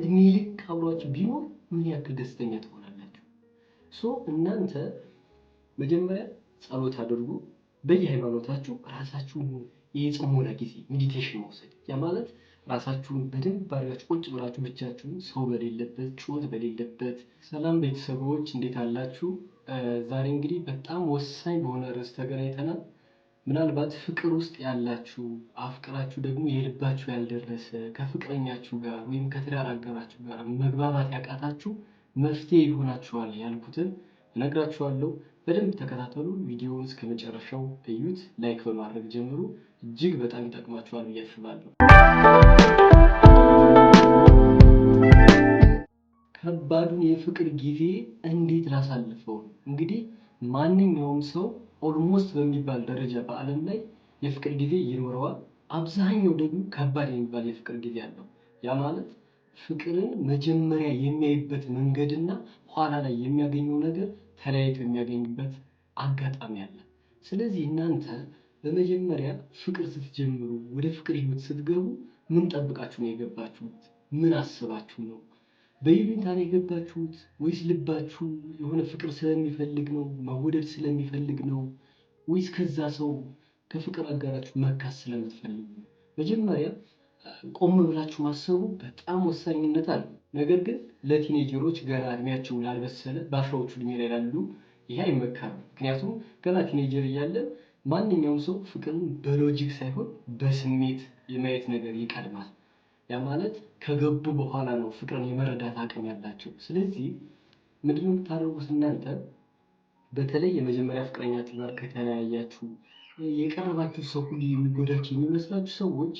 እድሜ ልክ አብሯችሁ ቢኖር ምን ያክል ደስተኛ ትሆናላችሁ? ሶ እናንተ መጀመሪያ ጸሎት አድርጉ። በየሃይማኖታችሁ ራሳችሁን የጽሞና ጊዜ ሜዲቴሽን መውሰድ፣ ያ ማለት ራሳችሁን በደንብ አድርጋችሁ ቁጭ ብላችሁ ብቻችሁን ሰው በሌለበት ጩኸት በሌለበት። ሰላም ቤተሰቦች እንዴት አላችሁ? ዛሬ እንግዲህ በጣም ወሳኝ በሆነ ርዕስ ተገናኝተናል። ምናልባት ፍቅር ውስጥ ያላችሁ አፍቅራችሁ ደግሞ የልባችሁ ያልደረሰ ከፍቅረኛችሁ ጋር ወይም ከትዳር አጋራችሁ ጋር መግባባት ያቃታችሁ መፍትሄ ይሆናችኋል ያልኩትን እነግራችኋለሁ። በደንብ ተከታተሉ። ቪዲዮውን እስከ መጨረሻው እዩት። ላይክ በማድረግ ጀምሩ። እጅግ በጣም ይጠቅማችኋል ብዬ አስባለሁ። ከባዱን የፍቅር ጊዜ እንዴት ላሳልፈው? እንግዲህ ማንኛውም ሰው ኦልሞስት በሚባል ደረጃ በዓለም ላይ የፍቅር ጊዜ ይኖረዋል። አብዛኛው ደግሞ ከባድ የሚባል የፍቅር ጊዜ አለው። ያ ማለት ፍቅርን መጀመሪያ የሚያይበት መንገድና ኋላ ላይ የሚያገኘው ነገር ተለያይቶ የሚያገኝበት አጋጣሚ አለ። ስለዚህ እናንተ በመጀመሪያ ፍቅር ስትጀምሩ፣ ወደ ፍቅር ህይወት ስትገቡ ምን ጠብቃችሁ ነው የገባችሁት? ምን አስባችሁ ነው? በይሉኝታ ነው የገባችሁት ወይስ ልባችሁ የሆነ ፍቅር ስለሚፈልግ ነው? መወደድ ስለሚፈልግ ነው? ወይስ ከዛ ሰው ከፍቅር አጋራችሁ መካስ ስለምትፈልጉ ነው? መጀመሪያ ቆም ብላችሁ ማሰቡ በጣም ወሳኝነት አለው። ነገር ግን ለቲኔጀሮች ገና እድሜያቸው ላልበሰለ በአስራዎቹ እድሜ ላይ ላሉ ይሄ አይመከርም። ምክንያቱም ገና ቲኔጀር እያለ ማንኛውም ሰው ፍቅርን በሎጂክ ሳይሆን በስሜት የማየት ነገር ይቀድማል። ያ ማለት ከገቡ በኋላ ነው ፍቅርን የመረዳት አቅም ያላቸው። ስለዚህ ምንድነው የምታደርጉት እናንተ በተለይ የመጀመሪያ ፍቅረኛ ጋር ከተለያያችሁ የቀረባችሁ ሰው ሁሉ የሚጎዳችሁ የሚመስላችሁ ሰዎች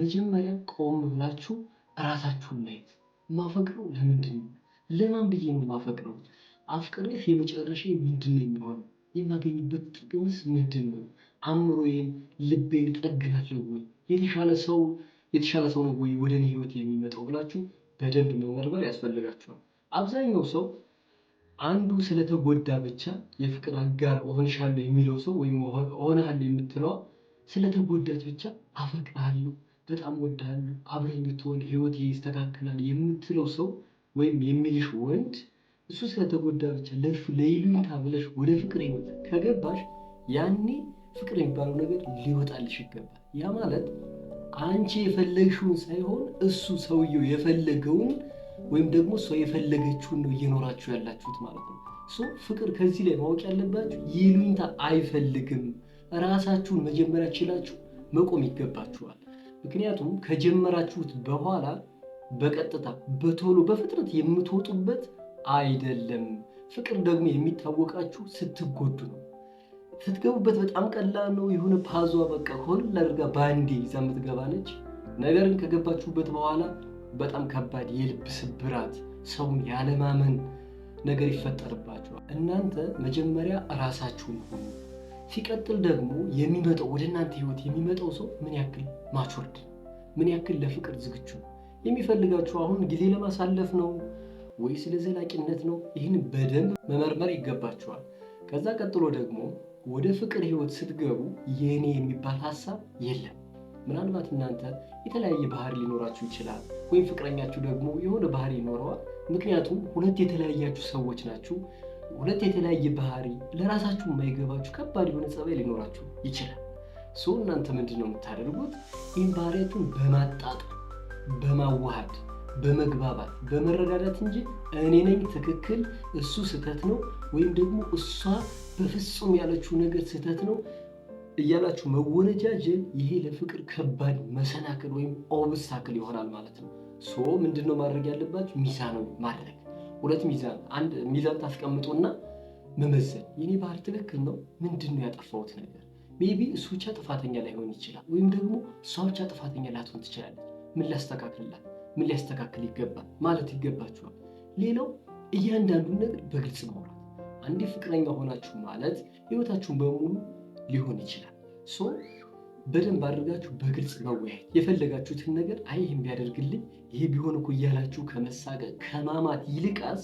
መጀመሪያ ቆም ብላችሁ እራሳችሁን ማየት። ማፈቅረው ለምንድን ነው? ለማን ብዬ ነው ማፈቅረው? አፍቅሬስ የመጨረሻ ምንድን ነው የሚሆነው? የማገኝበት ጥቅምስ ምንድን ነው? አእምሮዬን ልቤን ጠግናለሁ ወይ? የተሻለ ሰው የተሻለ ሰው ነው ወይ ወደ እኔ ህይወት የሚመጣው ብላችሁ በደንብ መመርመር ያስፈልጋችኋል። አብዛኛው ሰው አንዱ ስለተጎዳ ብቻ የፍቅር አጋር እሆንሻለሁ የሚለው ሰው ወይም እሆንሃለሁ የምትለዋ ስለተጎዳች ብቻ አፈቅርሃለሁ፣ በጣም ወድሃለሁ፣ አብረኝ ብትሆን ህይወት ይስተካከላል የምትለው ሰው ወይም የሚልሽ ወንድ እሱ ስለተጎዳ ብቻ ለእሱ ለይሉኝታ ብለሽ ወደ ፍቅር ህይወት ከገባሽ ያኔ ፍቅር የሚባለው ነገር ሊወጣልሽ ይገባል። ያ ማለት አንቺ የፈለግሽውን ሳይሆን እሱ ሰውየው የፈለገውን ወይም ደግሞ እሷ የፈለገችውን ነው እየኖራችሁ ያላችሁት ማለት ነው። ፍቅር ከዚህ ላይ ማወቅ ያለባችሁ ይሉኝታ አይፈልግም። ራሳችሁን መጀመሪያ ችላችሁ መቆም ይገባችኋል። ምክንያቱም ከጀመራችሁት በኋላ በቀጥታ በቶሎ በፍጥነት የምትወጡበት አይደለም። ፍቅር ደግሞ የሚታወቃችሁ ስትጎዱ ነው። ስትገቡበት በጣም ቀላል ነው። የሆነ ፓዟ በቃ ሆን ላድርጋ ባንዴ ይዛ የምትገባ ነች። ነገር ግን ከገባችሁበት በኋላ በጣም ከባድ የልብ ስብራት፣ ሰውን ያለማመን ነገር ይፈጠርባቸዋል። እናንተ መጀመሪያ እራሳችሁን ሁኑ። ሲቀጥል ደግሞ የሚመጣው ወደ እናንተ ህይወት የሚመጣው ሰው ምን ያክል ማቾርድ፣ ምን ያክል ለፍቅር ዝግጁ የሚፈልጋችሁ አሁን ጊዜ ለማሳለፍ ነው ወይስ ለዘላቂነት ነው? ይህን በደንብ መመርመር ይገባችኋል። ከዛ ቀጥሎ ደግሞ ወደ ፍቅር ህይወት ስትገቡ የእኔ የሚባል ሀሳብ የለም። ምናልባት እናንተ የተለያየ ባህሪ ሊኖራችሁ ይችላል፣ ወይም ፍቅረኛችሁ ደግሞ የሆነ ባህሪ ይኖረዋል። ምክንያቱም ሁለት የተለያያችሁ ሰዎች ናችሁ። ሁለት የተለያየ ባህሪ፣ ለራሳችሁ የማይገባችሁ ከባድ የሆነ ጸባይ ሊኖራችሁ ይችላል። ሶ እናንተ ምንድን ነው የምታደርጉት? ይህን ባህሪያቱን በማጣጣም በማዋሃድ በመግባባት በመረዳዳት እንጂ እኔ ነኝ ትክክል፣ እሱ ስህተት ነው ወይም ደግሞ እሷ በፍጹም ያለችው ነገር ስህተት ነው እያላችሁ መወነጃጀል፣ ይሄ ለፍቅር ከባድ መሰናክል ወይም ኦብስታክል ይሆናል ማለት ነው። ሶ ምንድነው ማድረግ ያለባችሁ? ሚዛናዊ ማድረግ ሁለት ሚዛን አንድ ሚዛን ታስቀምጡና መመዘን፣ የኔ ባህሪ ትክክል ነው፣ ምንድን ነው ያጠፋሁት ነገር? ሜቢ እሱ ብቻ ጥፋተኛ ላይሆን ይችላል፣ ወይም ደግሞ እሷ ብቻ ጥፋተኛ ላትሆን ትችላለች። ምን ላስተካክልላት፣ ምን ሊያስተካክል ይገባል ማለት ይገባችኋል። ሌላው እያንዳንዱን ነገር በግልጽ መውራት አንዴ ፍቅረኛ ሆናችሁ ማለት ህይወታችሁን በሙሉ ሊሆን ይችላል። ሶ በደንብ አድርጋችሁ በግልጽ መወያየት የፈለጋችሁትን ነገር አይ ይህም ቢያደርግልኝ ይሄ ቢሆን እኮ እያላችሁ ከመሳቀቅ ከማማት ይልቃስ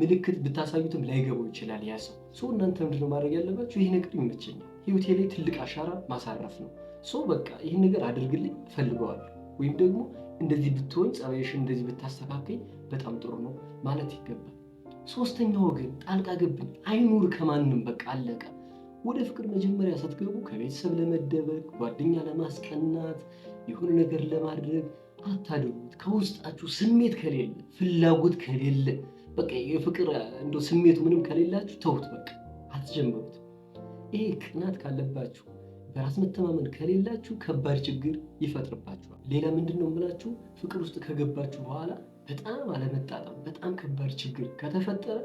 ምልክት ብታሳዩትም ላይገባው ይችላል ያ ሰው። ሶ እናንተ ምንድን ነው ማድረግ ያለባችሁ? ይህ ነገር ይመቸኛል፣ ህይወቴ ላይ ትልቅ አሻራ ማሳረፍ ነው። ሶ በቃ ይህን ነገር አድርግልኝ እፈልገዋለሁ፣ ወይም ደግሞ እንደዚህ ብትሆን ጸባይሽን እንደዚህ ብታስተካከኝ በጣም ጥሩ ነው ማለት ይገባል። ሶስተኛ ወገን ጣልቃ ገብኝ አይኑር ከማንም በቃ አለቀ። ወደ ፍቅር መጀመሪያ ስትገቡ ከቤተሰብ ለመደበቅ ጓደኛ ለማስቀናት የሆነ ነገር ለማድረግ አታድርጉት። ከውስጣችሁ ስሜት ከሌለ ፍላጎት ከሌለ በቃ የፍቅር እንደ ስሜቱ ምንም ከሌላችሁ ተውት፣ በቃ አትጀምሩት። ይሄ ቅናት ካለባችሁ በራስ መተማመን ከሌላችሁ ከባድ ችግር ይፈጥርባችኋል። ሌላ ምንድን ነው የምላችሁ፣ ፍቅር ውስጥ ከገባችሁ በኋላ በጣም አለመጣጣም፣ በጣም ከባድ ችግር ከተፈጠረ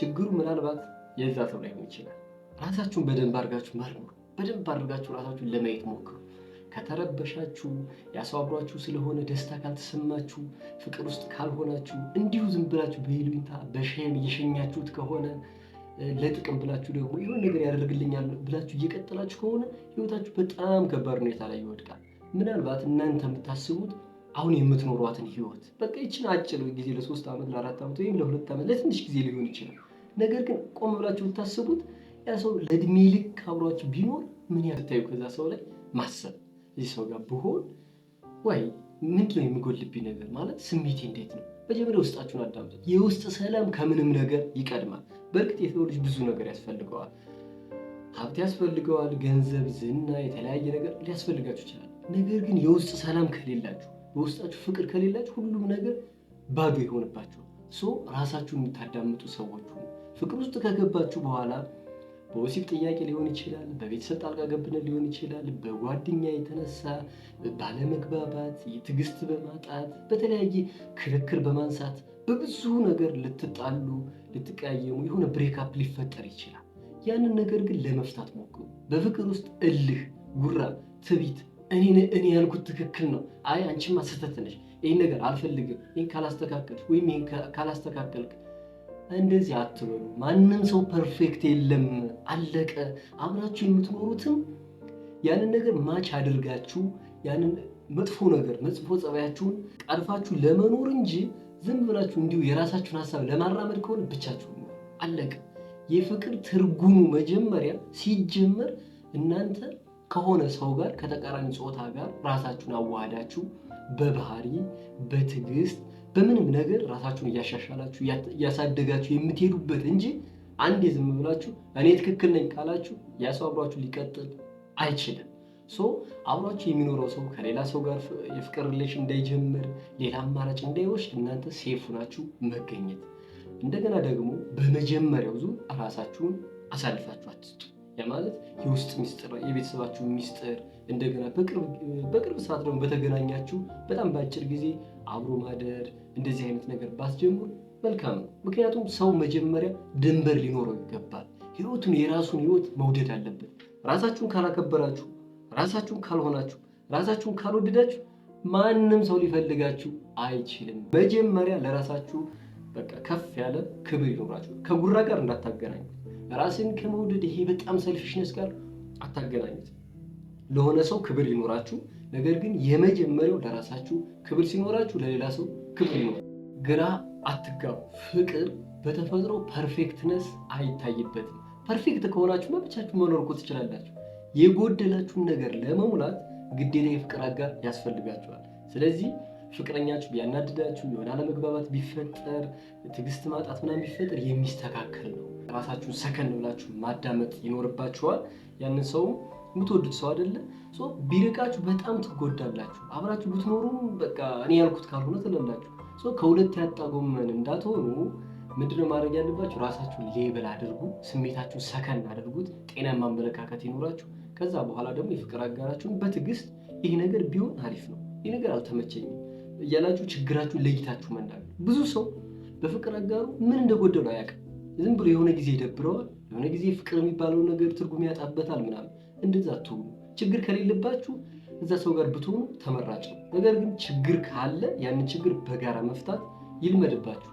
ችግሩ ምናልባት የዛ ሰው ላይ ሆን ይችላል። ራሳችሁን በደንብ አድርጋችሁ መርምሩ። በደንብ አድርጋችሁ ራሳችሁን ለማየት ሞክሩ። ከተረበሻችሁ፣ ያሳብሯችሁ ስለሆነ ደስታ ካልተሰማችሁ፣ ፍቅር ውስጥ ካልሆናችሁ፣ እንዲሁ ዝም ብላችሁ በይሉኝታ በሸም እየሸኛችሁት ከሆነ ለጥቅም ብላችሁ ደግሞ ይሁን ነገር ያደርግልኛል ብላችሁ እየቀጠላችሁ ከሆነ ህይወታችሁ በጣም ከባድ ሁኔታ ላይ ይወድቃል። ምናልባት እናንተ የምታስቡት አሁን የምትኖሯትን ህይወት በቃ ይችን አጭር ጊዜ ለሶስት ዓመት ለአራት ዓመት ወይም ለሁለት ዓመት ለትንሽ ጊዜ ሊሆን ይችላል። ነገር ግን ቆም ብላችሁ ብታስቡት ያ ሰው ለእድሜ ልክ አብሯችሁ ቢኖር ምን ያልታዩ ከዛ ሰው ላይ ማሰብ እዚህ ሰው ጋር ብሆን ወይ ምንድነው የሚጎልብኝ ነገር ማለት ስሜቴ እንዴት ነው? መጀመሪያ ውስጣችሁን አዳምጡት። የውስጥ ሰላም ከምንም ነገር ይቀድማል። በእርግጥ የሰው ልጅ ብዙ ነገር ያስፈልገዋል። ሀብት ያስፈልገዋል፣ ገንዘብ፣ ዝና፣ የተለያየ ነገር ሊያስፈልጋችሁ ይችላል። ነገር ግን የውስጥ ሰላም ከሌላችሁ በውስጣችሁ ፍቅር ከሌላችሁ ሁሉም ነገር ባዶ ይሆንባችሁ። ሶ ራሳችሁን የምታዳምጡ ሰዎች ፍቅር ውስጥ ከገባችሁ በኋላ በወሲብ ጥያቄ ሊሆን ይችላል፣ በቤተሰብ ጣልቃ ገብነት ሊሆን ይችላል፣ በጓደኛ የተነሳ ባለመግባባት፣ ትዕግስት በማጣት፣ በተለያየ ክርክር በማንሳት በብዙ ነገር ልትጣሉ፣ ልትቀያየሙ፣ የሆነ ብሬክአፕ ሊፈጠር ይችላል። ያንን ነገር ግን ለመፍታት ሞክሩ። በፍቅር ውስጥ እልህ፣ ጉራ፣ ትቢት እኔ እኔ ያልኩት ትክክል ነው፣ አይ አንቺማ ስህተት ነሽ፣ ይህን ነገር አልፈልግም፣ ይህን ካላስተካከልክ ወይም ይህን ካላስተካከልክ እንደዚህ አትበሉ። ማንም ሰው ፐርፌክት የለም፣ አለቀ። አብራችሁ የምትኖሩትም ያንን ነገር ማች አድርጋችሁ ያንን መጥፎ ነገር መጥፎ ጸባያችሁን ቀርፋችሁ ለመኖር እንጂ ዝም ብላችሁ እንዲሁ የራሳችሁን ሀሳብ ለማራመድ ከሆነ ብቻችሁ አለቀ። የፍቅር ትርጉሙ መጀመሪያ ሲጀመር እናንተ ከሆነ ሰው ጋር ከተቃራኒ ጾታ ጋር ራሳችሁን አዋህዳችሁ በባህሪ በትዕግስት በምንም ነገር ራሳችሁን እያሻሻላችሁ እያሳደጋችሁ የምትሄዱበት እንጂ አንዴ ዝም ብላችሁ እኔ ትክክል ነኝ ካላችሁ ያ ሰው አብሯችሁ ሊቀጥል አይችልም። ሶ አብሯችሁ የሚኖረው ሰው ከሌላ ሰው ጋር የፍቅር ሪሌሽን እንዳይጀምር ሌላ አማራጭ እንዳይወስድ እናንተ ሴፉ ናችሁ መገኘት። እንደገና ደግሞ በመጀመሪያው ዙር ራሳችሁን አሳልፋችሁ አትስጡ። ማለት የውስጥ ሚስጥር፣ የቤተሰባችሁ ሚስጥር እንደገና በቅርብ ሰዓት ደግሞ በተገናኛችሁ በጣም በአጭር ጊዜ አብሮ ማደር እንደዚህ አይነት ነገር ባስጀምሩ መልካም ነው። ምክንያቱም ሰው መጀመሪያ ድንበር ሊኖረው ይገባል። ህይወቱን የራሱን ህይወት መውደድ አለበት። ራሳችሁን ካላከበራችሁ፣ ራሳችሁን ካልሆናችሁ፣ ራሳችሁን ካልወደዳችሁ ማንም ሰው ሊፈልጋችሁ አይችልም። መጀመሪያ ለራሳችሁ በቃ ከፍ ያለ ክብር ይኖራችሁ። ከጉራ ጋር እንዳታገናኙ። ራስን ከመውደድ ይሄ በጣም ሰልፊሽነስ ጋር አታገናኙት። ለሆነ ሰው ክብር ይኖራችሁ፣ ነገር ግን የመጀመሪያው ለራሳችሁ ክብር ሲኖራችሁ ለሌላ ሰው ክብር ይኖራል። ግራ አትጋቡ። ፍቅር በተፈጥሮ ፐርፌክትነስ አይታይበትም። ፐርፌክት ከሆናችሁ በብቻችሁ መኖር እኮ ትችላላችሁ። የጎደላችሁን ነገር ለመሙላት ግዴታ የፍቅር አጋር ያስፈልጋችኋል። ስለዚህ ፍቅረኛችሁ ቢያናድዳችሁ፣ የሆነ አለመግባባት ቢፈጠር፣ ትዕግስት ማጣት ምናምን ቢፈጠር የሚስተካከል ነው። ራሳችሁን ሰከን ብላችሁ ማዳመጥ ይኖርባችኋል። ያንን ሰው የምትወዱት ሰው አይደለ ቢርቃችሁ በጣም ትጎዳላችሁ። አብራችሁ ብትኖሩም በቃ እኔ ያልኩት ካልሆነ ትላላችሁ። ከሁለት ያጣ ጎመን እንዳትሆኑ ምንድነው ማድረግ ያለባችሁ? ራሳችሁን ሌብል አድርጉ። ስሜታችሁን ሰከን አድርጉት። ጤናማ አመለካከት ይኖራችሁ። ከዛ በኋላ ደግሞ የፍቅር አጋራችሁን በትዕግስት ይህ ነገር ቢሆን አሪፍ ነው፣ ይህ ነገር አልተመቸኝም እያላችሁ ችግራችሁን ለይታችሁ መንዳሉ። ብዙ ሰው በፍቅር አጋሩ ምን እንደጎደሉ አያውቅም። ዝም ብሎ የሆነ ጊዜ ይደብረዋል፣ የሆነ ጊዜ ፍቅር የሚባለው ነገር ትርጉም ያጣበታል ምናምን። እንደዛ አትሆኑ። ችግር ከሌለባችሁ እዛ ሰው ጋር ብትሆኑ ተመራጭ ነው። ነገር ግን ችግር ካለ ያንን ችግር በጋራ መፍታት ይልመድባችሁ።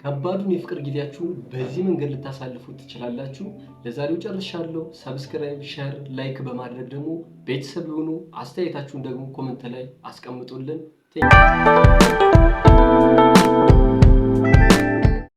ከባዱን የፍቅር ጊዜያችሁን በዚህ መንገድ ልታሳልፉት ትችላላችሁ። ለዛሬው ጨርሻለሁ። ሰብስክራይብ፣ ሸር፣ ላይክ በማድረግ ደግሞ ቤተሰብ የሆኑ አስተያየታችሁን ደግሞ ኮመንት ላይ አስቀምጡልን።